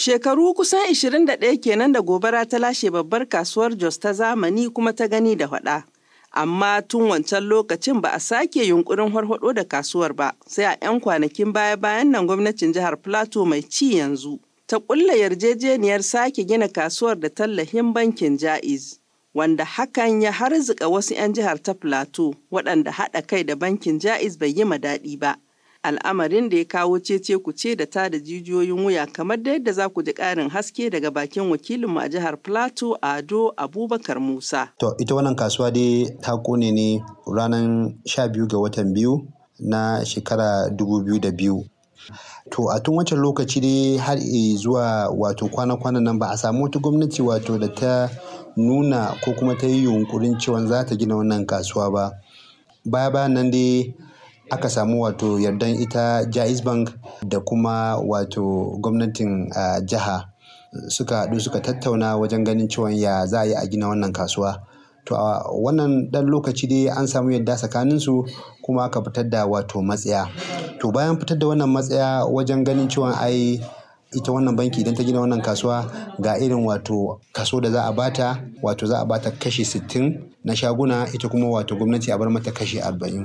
Shekaru kusan 21 kenan da gobara ta lashe babbar kasuwar Jos ta zamani kuma ta gani da hada. Amma tun wancan lokacin ba a sake yunkurin harhaɗo da kasuwar ba, sai a 'yan kwanakin baya-bayan nan gwamnatin jihar Plateau mai ci yanzu. Ta ƙulla yarjejeniyar sake gina kasuwar da tallahin bankin Ja'iz. wanda hakan ya harzika wasu 'yan jihar ta Plateau waɗanda haɗa kai da bankin Jaiz bai yi ma daɗi ba. al'amarin da ya kawo cece ku ce da ta da jijiyoyin wuya kamar da yadda za ku ji ƙarin haske daga bakin wakilinmu a jihar plateau ado abubakar musa to ita wannan kasuwa dai ta kone ne ranar 12 ga watan biyu na shekara 2002 to a tun wancan lokaci dai har zuwa wato kwana-kwanan nan ba a samu wata gwamnati wato da ta nuna ko kuma ta yi yunkurin cewa za ta gina wannan kasuwa ba baya nan dai aka samu wato yardan ita jais bank da kuma wato gwamnatin jiha suka haɗu suka tattauna wajen ganin cewa ya za a yi a gina wannan kasuwa to a wannan ɗan lokaci dai an samu yadda tsakaninsu kuma aka fitar da wato matsaya to bayan fitar da wannan matsaya wajen ganin cewa ai ita wannan banki idan ta gina wannan kasuwa ga irin wato kaso da za a bata wato za a bata kashi 60 na shaguna ita kuma wato gwamnati a bar mata kashi 40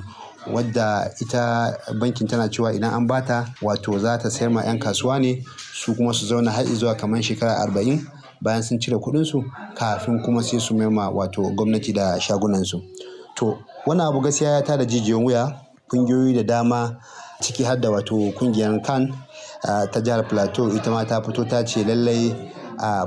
wadda ita bankin tana cewa idan an bata wato za ta sayar ma 'yan kasuwa ne su kuma su zauna har zuwa kamar shekara arba'in bayan sun cire kuɗinsu kafin kuma sai su maima wato gwamnati da shagunansu. To wani abu gaskiya ya tada jijiyon wuya kungiyoyi da dama ciki har da wato kungiyar kan ta jihar plateau ita ma ta fito ta ce lallai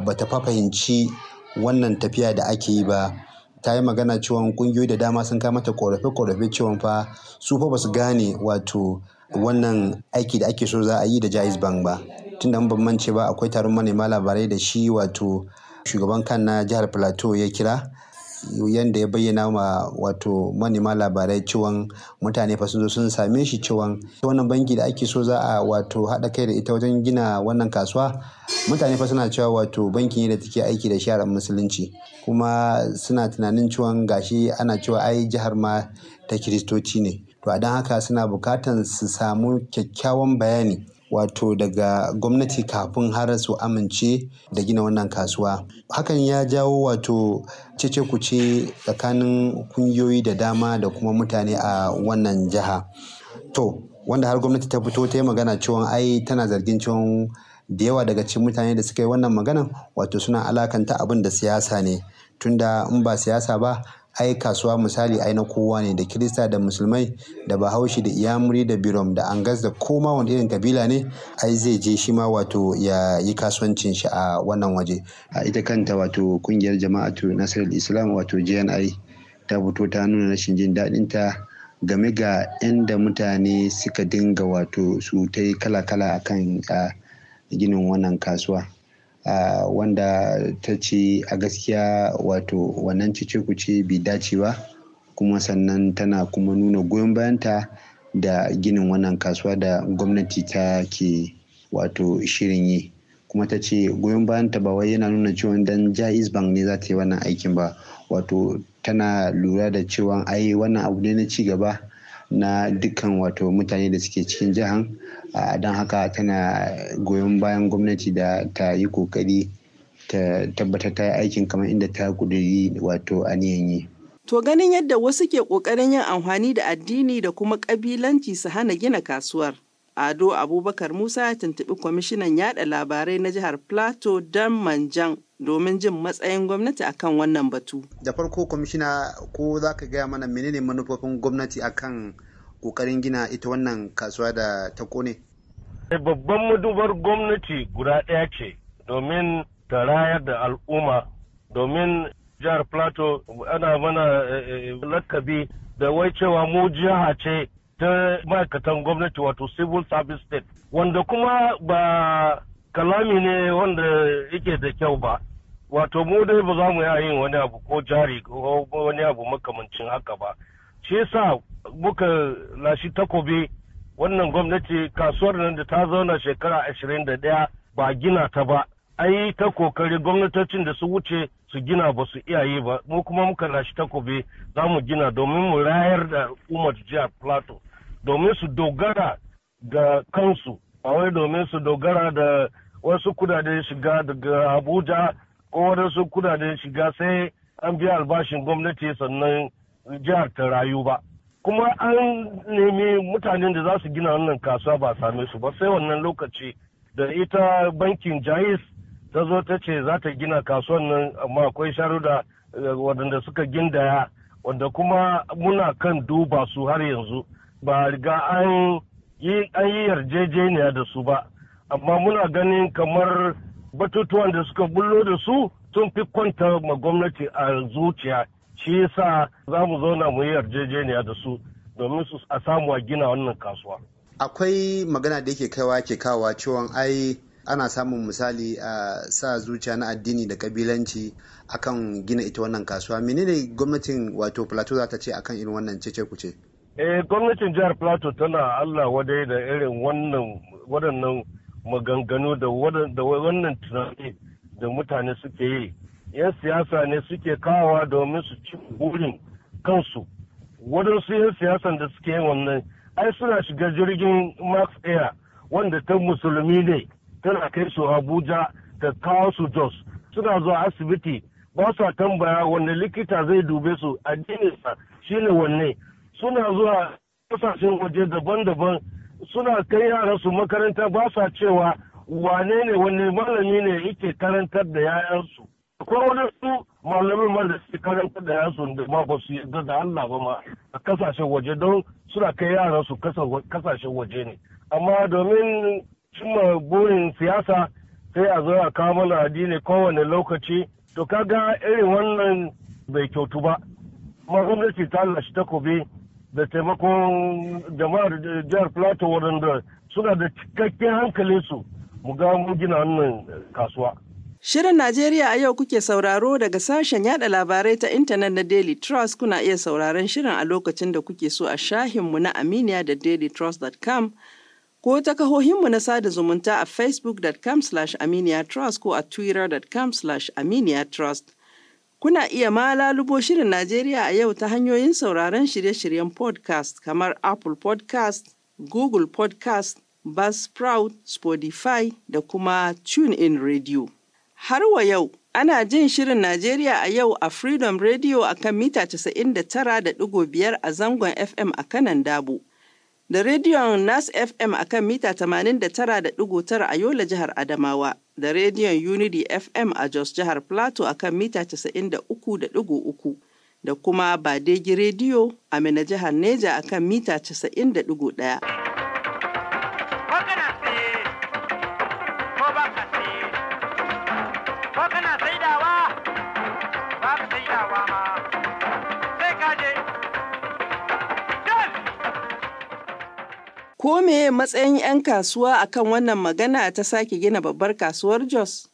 ba ta fahimci wannan tafiya da ake yi ba ta yi magana cewa kungiyoyi da dama sun kama ta korafe-korafe cewa fa su fa basu gane wato wannan aiki da ake so za a yi da jais bank ba tun da mu mance ba akwai taron manema labarai da shi wato shugaban kan na jihar plateau ya kira yanda ya bayyana ma wato manema labarai cewan mutane fa sun zo sun same shi cewan wannan banki da ake so za a wato haɗa kai da ita wajen gina wannan kasuwa mutane fa suna cewa wato banki ne da take aiki da sharar musulunci kuma suna tunanin cewan gashi ana cewa ai jihar ma ta kiristoci ne to a don haka suna bukatan su samu kyakkyawan bayani wato daga gwamnati kafin har su amince da gina wannan kasuwa hakan ya jawo wato cece kuce tsakanin kungiyoyi da dama da kuma mutane a wannan jiha to wanda har gwamnati ta fito ta yi magana cewa ai tana zargin cewa da yawa daga cikin mutane da suka yi wannan magana, wato suna alakanta abin da siyasa ne tunda in ba siyasa ba ai kasuwa misali ai na kowa ne da kirista da musulmai da bahaushe da iyamuri da birom da angas da koma wani irin kabila ne ai zai je shi ma wato ya yi kasuwancin shi a wannan waje a ita kanta wato kungiyar jama'atu nasarar islam wato jni ta fito ta nuna rashin jin daɗin ta game ga inda mutane suka dinga wato su ta kala-kala akan ginin wannan kasuwa wanda ta ce a gaskiya wato wannan ku kuce bai dace ba kuma sannan tana kuma nuna goyon bayanta da ginin wannan kasuwa da gwamnati ta ke wato shirin yi kuma ta ce goyon bayanta ba wai yana nuna cewa dan jaiz bank ne za ta yi wannan aikin ba wato tana lura da cewa ai wannan abu ne na ci gaba na dukkan wato mutane da suke cikin jihan don haka tana goyon bayan gwamnati da ta yi kokari ta tabbatar ta yi aikin kamar inda ta kuduri wato aniyan yi. To ganin yadda wasu ke ƙoƙarin yin amfani da addini da kuma ƙabilanci su hana gina kasuwar. Ado Abubakar Musa ya tuntuɓi kwamishinan yaɗa labarai na jihar Plateau Dan Manjan domin jin matsayin gwamnati akan wannan batu. Da farko kwamishina ko za ka gaya mana menene manufofin gwamnati akan kokarin gina ita wannan kasuwa da ta kone? Eh, babban madubar gwamnati guda ɗaya ce domin ta rayar da al'umma domin jihar Plateau ana mana eh, eh, lakabi da wai cewa mu jiha ce ta ma'aikatan gwamnati wato civil service state wanda kuma ba kalami ne wanda yake da kyau ba wato mu dai ba za mu yi yin wani abu ko jari ko wani abu makamancin haka ba shi yasa muka lashi takobi wannan gwamnati kasuwar nan da ta zauna shekara ashirin da ɗaya ba gina ta ba ai ta kokari gwamnatocin da su wuce su gina ba su iyaye ba mu kuma muka lashi takobi za mu gina domin mu rayar da umar jihar plateau domin su dogara da kansu a wai domin su dogara da wasu kudaden shiga daga abuja ko wadansu kudaden shiga sai an biya albashin gwamnati sannan jihar ta rayu ba kuma an nemi mutanen da za su gina wannan kasuwa ba same su ba sai wannan lokaci da ita bankin jais ta zo ta ce za ta gina kasuwan nan amma akwai sharuda eh, wadanda suka gindaya wanda kuma muna kan duba su har yanzu ba riga an yi yarjejeniya da su ba amma muna ganin kamar batutuwan da suka bullo da su sun fi kwanta ma gwamnati a zuciya shi yasa za mu zauna mu yi yarjejeniya da su domin su a samu a gina wannan kasuwa akwai magana da yake kaiwa ke kawa cewa ai ana samun misali a sa zuciya na addini da kabilanci akan gina ita wannan kasuwa menene gwamnatin wato plateau za ta ce akan irin wannan cece kuce eh gwamnatin jihar plateau tana allah wadai da irin wannan waɗannan maganganu da wannan tunani da mutane suke yi yan siyasa ne suke kawowa domin su ci burin kansu waɗansu yan siyasan da suke yin wannan ai suna shiga jirgin max air wanda ta musulmi ne tana kai su abuja ta kawo su jos suna zuwa asibiti ba sa tambaya wanne likita zai dube su addininsa shine wanne suna zuwa kasashen waje daban-daban suna kai yara su makaranta ba sa cewa wane ne wani malami ne yake karantar da yayansu akwai wani su malamin ma da suke karantar da yayansu da ma ba su yarda da Allah ba ma a kasashen waje don suna kai yara su kasashen waje ne amma domin cimma burin siyasa sai a zo a kawo mana addini kowane lokaci to kaga irin wannan bai kyautu ba kuma gwamnati ta lashe takobi da taimakon jama'ar jihar plato waɗanda suna da cikakken su, mu ga mun gina wannan kasuwa. Shirin Najeriya a yau kuke sauraro daga sashen yada labarai ta intanet na Daily Trust kuna iya sauraron shirin a lokacin da kuke so a shahinmu na Aminiya da dailytrust.com ko ta kahohinmu na sada zumunta a facebook.com/aminiya trust ko a twitter.com/aminiya trust. Kuna iya ma lalubo Shirin Najeriya a yau ta hanyoyin sauraron shirye-shiryen podcast kamar Apple podcast, Google podcast, Buzzsprout, Spotify da kuma TuneIn Radio. Har wa yau, ana jin Shirin Najeriya a yau a Freedom Radio a kan mita 99.5 a zangon FM a kanan Dabo. da rediyon Nas FM a kan mita 89.9 a Yola jihar Adamawa, da rediyon Unity FM a Jos jihar Plateau a kan mita 93.3 da kuma Badegi rediyo a Mina jihar Neja a kan mita 91. Ko me matsayin 'yan kasuwa akan wannan magana ta sake gina babbar kasuwar Jos?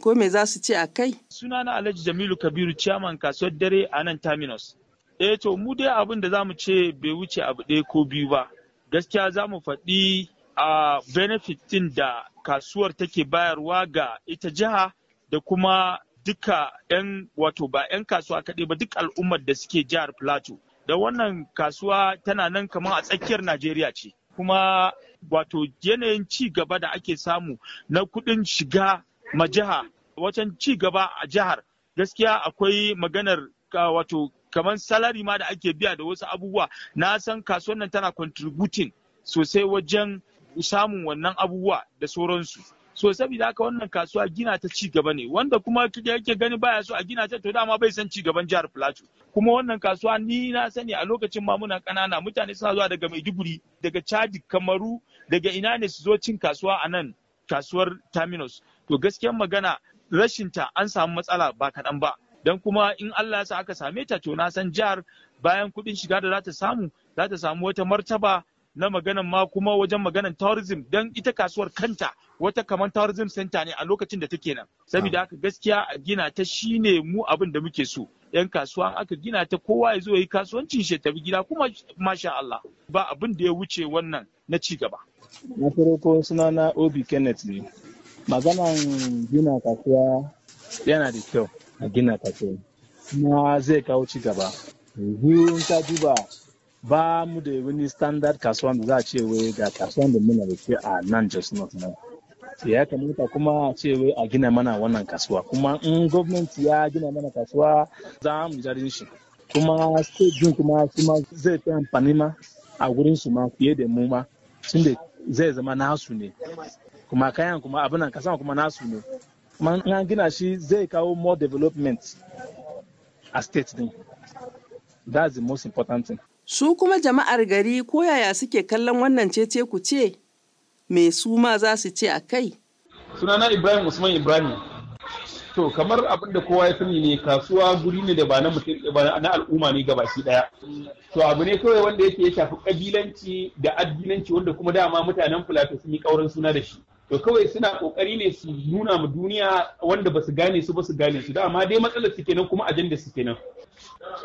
Ko me za su ce a kai? Sunana Alhaji Jamilu Kabiru ciyaman kasuwar dare a nan Terminus. Eh to mu dai abin da za mu ce bai wuce abu ɗaya ko biyu ba. Gaskiya za mu faɗi a benefit ɗin da kasuwar take bayarwa ga ita jiha da kuma duka 'yan wato ba 'yan kasuwa kaɗai ba duk al'ummar da suke jihar Plateau. Da wannan kasuwa tana nan kamar a tsakiyar Najeriya ce. kuma wato yanayin ci gaba da ake samu na kuɗin shiga ma jiha wajen ci gaba a jihar gaskiya akwai maganar wato kamar salari ma da ake biya da wasu abubuwa na san kasuwan nan tana contributing sosai wajen samun wannan abubuwa da sauransu. so saboda haka wannan kasuwa gina ta ci gaba ne wanda kuma kike yake gani baya so a gina ta to dama bai san ci gaban jihar Plateau kuma wannan kasuwa ni na sani a lokacin ma muna kanana mutane suna zuwa daga Maiduguri daga Chad Kamaru daga ina ne su zo cin kasuwa a nan kasuwar Terminus to gaskiyar magana rashin ta an samu matsala ba kaɗan ba dan kuma in Allah ya sa aka same ta to na san jihar bayan kuɗin shiga da za ta samu za ta samu wata martaba na maganan ma kuma wajen maganan tourism don ita kasuwar kanta wata kamar tourism center ne a lokacin da take nan saboda ah. haka gaskiya a gina ta shine mu abin da muke so yan kasuwa aka gina ta kowa ya zo ya yi kasuwancin shi tafi gida kuma masha Allah ba abin da ya wuce wannan na ci gaba na farko suna na obi kenneth ne maganan gina kasuwa yana da kyau a gina kasuwa Na zai kawo ci gaba yanzu ta ka duba ba mu da wani standard kasuwan da za a ce wai ga kasuwan da muna da ke a nan just not now sai ya kamata kuma a ce wai a gina mana wannan kasuwa kuma in government ya gina mana kasuwa za mu jarin shi kuma state din kuma shi ma zai fi amfani ma a gurin su ma fiye da mu ma tun da zai zama nasu ne kuma kayan kuma abin nan kasuwa kuma nasu ne kuma in an gina shi zai kawo more development a state din that's the most important thing Su kuma jama'ar gari ko yaya suke kallon wannan cece ku ce? Me su ma za su ce a kai? Sunana Ibrahim Usman Ibrahim. To kamar abin da kowa ya sani ne kasuwa guri ne da ba na al'umma ne gabaki daya. To abu ne kawai wanda yake ya shafi kabilanci da addinanci wanda kuma dama mutanen Filato sun yi kauran suna da shi. to kawai suna kokari ne su nuna ma duniya wanda ba su gane su ba su gane su dama dai matsalar su kenan kuma ajanda su kenan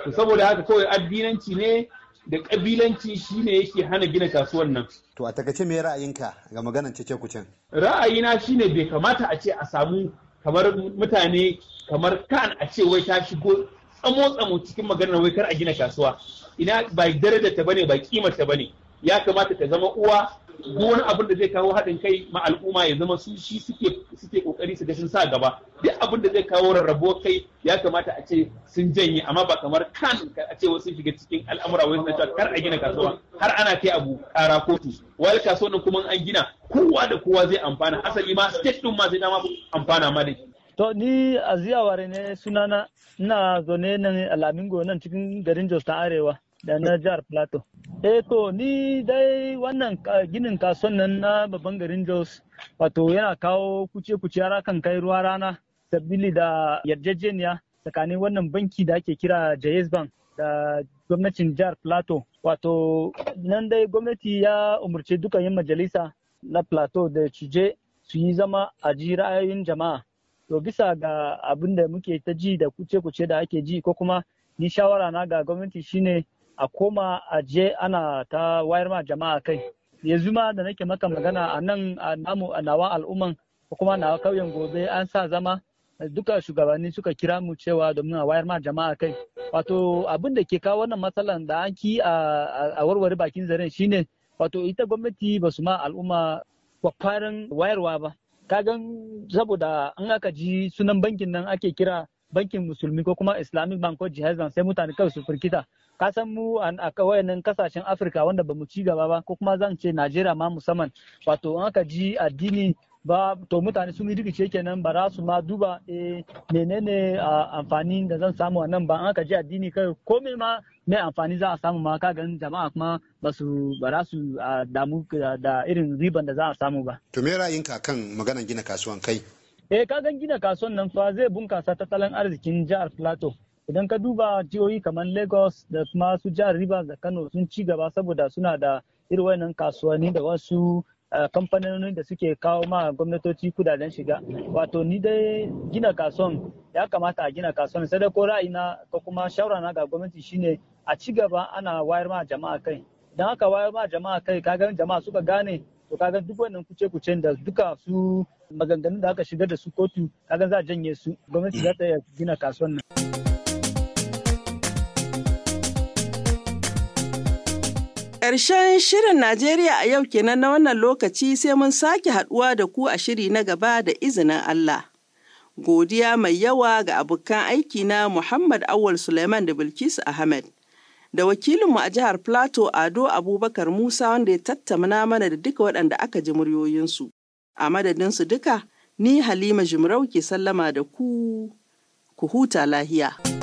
to saboda haka kawai addinanci ne da kabilanci ne yake hana gina kasuwan nan. To a takace me ra'ayinka ga maganan cece kucin? Ra'ayina shi ne bai kamata a ce a samu kamar mutane kamar kan a ce wai ta shigo tsamo tsamo cikin maganar wai kar a gina kasuwa. Ina ba daraja ta bane ba kimar ta bane. Ya kamata ta zama uwa duk wani abin da zai kawo haɗin kai ma al'umma ya zama su shi suke suke kokari su ga sun sa gaba duk abin da zai kawo rarrabo kai ya kamata a ce sun janye amma ba kamar kan a ce wasu shiga cikin al'amura wai na kar a gina kasuwa har ana kai abu kara kotu wai kaso nan kuma an gina kowa da kowa zai amfana asali ma state din ma zai dama amfana ma dai To ni a ziyaware ne sunana ina zaune nan Alamingo nan cikin garin Jos ta Arewa. da na jihar plateau eh to ni dai wannan ginin kasuwan nan na babban garin jos wato yana kawo kuce-kuce kan kai ruwa rana sabili da yarjejeniya tsakanin wannan banki da ake kira jayes bank da gwamnatin jihar plateau wato nan dai gwamnati ya umarci dukkan majalisa na plateau da cije su yi zama a ji ra'ayoyin jama'a to bisa ga abin da muke ta ji da kuce-kuce da ake ji ko kuma ni shawara na ga gwamnati shine a koma a je ana ta wayar ma jama'a kai yanzu ma da nake maka magana a nan a namu a nawa al'umman ko kuma nawa kauyen gobe an sa zama duka shugabanni suka kira mu cewa domin a wayar ma jama'a kai wato abin da ke kawo wannan matsalan da an ki a warware bakin zaren shine wato ita gwamnati ba su ma al'umma kwakwaran wayarwa ba kagan saboda an aka ji sunan bankin nan ake kira bankin musulmi ko kuma islamic bank ko jihaz bank sai mutane kawai su firkita ka san mu a wayannan kasashen afirka wanda bamu ci gaba ba ko kuma zan ce najeriya ma musamman wato an aka ji addini ba to mutane sun yi rikice kenan ba za su ma duba eh menene amfani da zan samu a nan ba an aka ji addini kai komai ma mai amfani za a samu ma ka ganin jama'a kuma ba su ba za su damu da irin riban da za a samu ba to me ra'ayinka kan maganar gina kasuwan kai eh kagan gina kasuwan nan fa zai bunkasa tattalin arzikin jihar plateau idan ka duba jihohi kamar lagos da kuma su jihar rivers da kano sun ci gaba saboda suna da irin wannan kasuwanni da wasu eh, kamfanoni da suke kawo ma gwamnatoci kudaden shiga wato ni dai gina kasuwan ya kamata a gina kasuwan sai da ko ra'ayina ko kuma shawarana ga gwamnati shine a ci gaba ana wayar ma jama'a kai idan aka wayar ma jama'a kai kaga jama'a suka gane to kaga duk wannan kuce kucen da duka su maganganun da aka shigar da su kotu kaga za a janye su gwamnati za ta gina kasuwan nan Ƙarshen shirin Najeriya a yau kenan na wannan lokaci sai mun sake haɗuwa da ku a shiri na gaba da izinin Allah. Godiya mai yawa ga abokan aiki na Muhammad Awal Suleiman da Bilkisu Ahmed. da wakilinmu a jihar Plateau Ado Abubakar Musa wanda ya tattamana mana da duka waɗanda aka ji muryoyinsu. A madadinsu duka, ni Halima Jimarau ke sallama da ku, ku huta lahiya.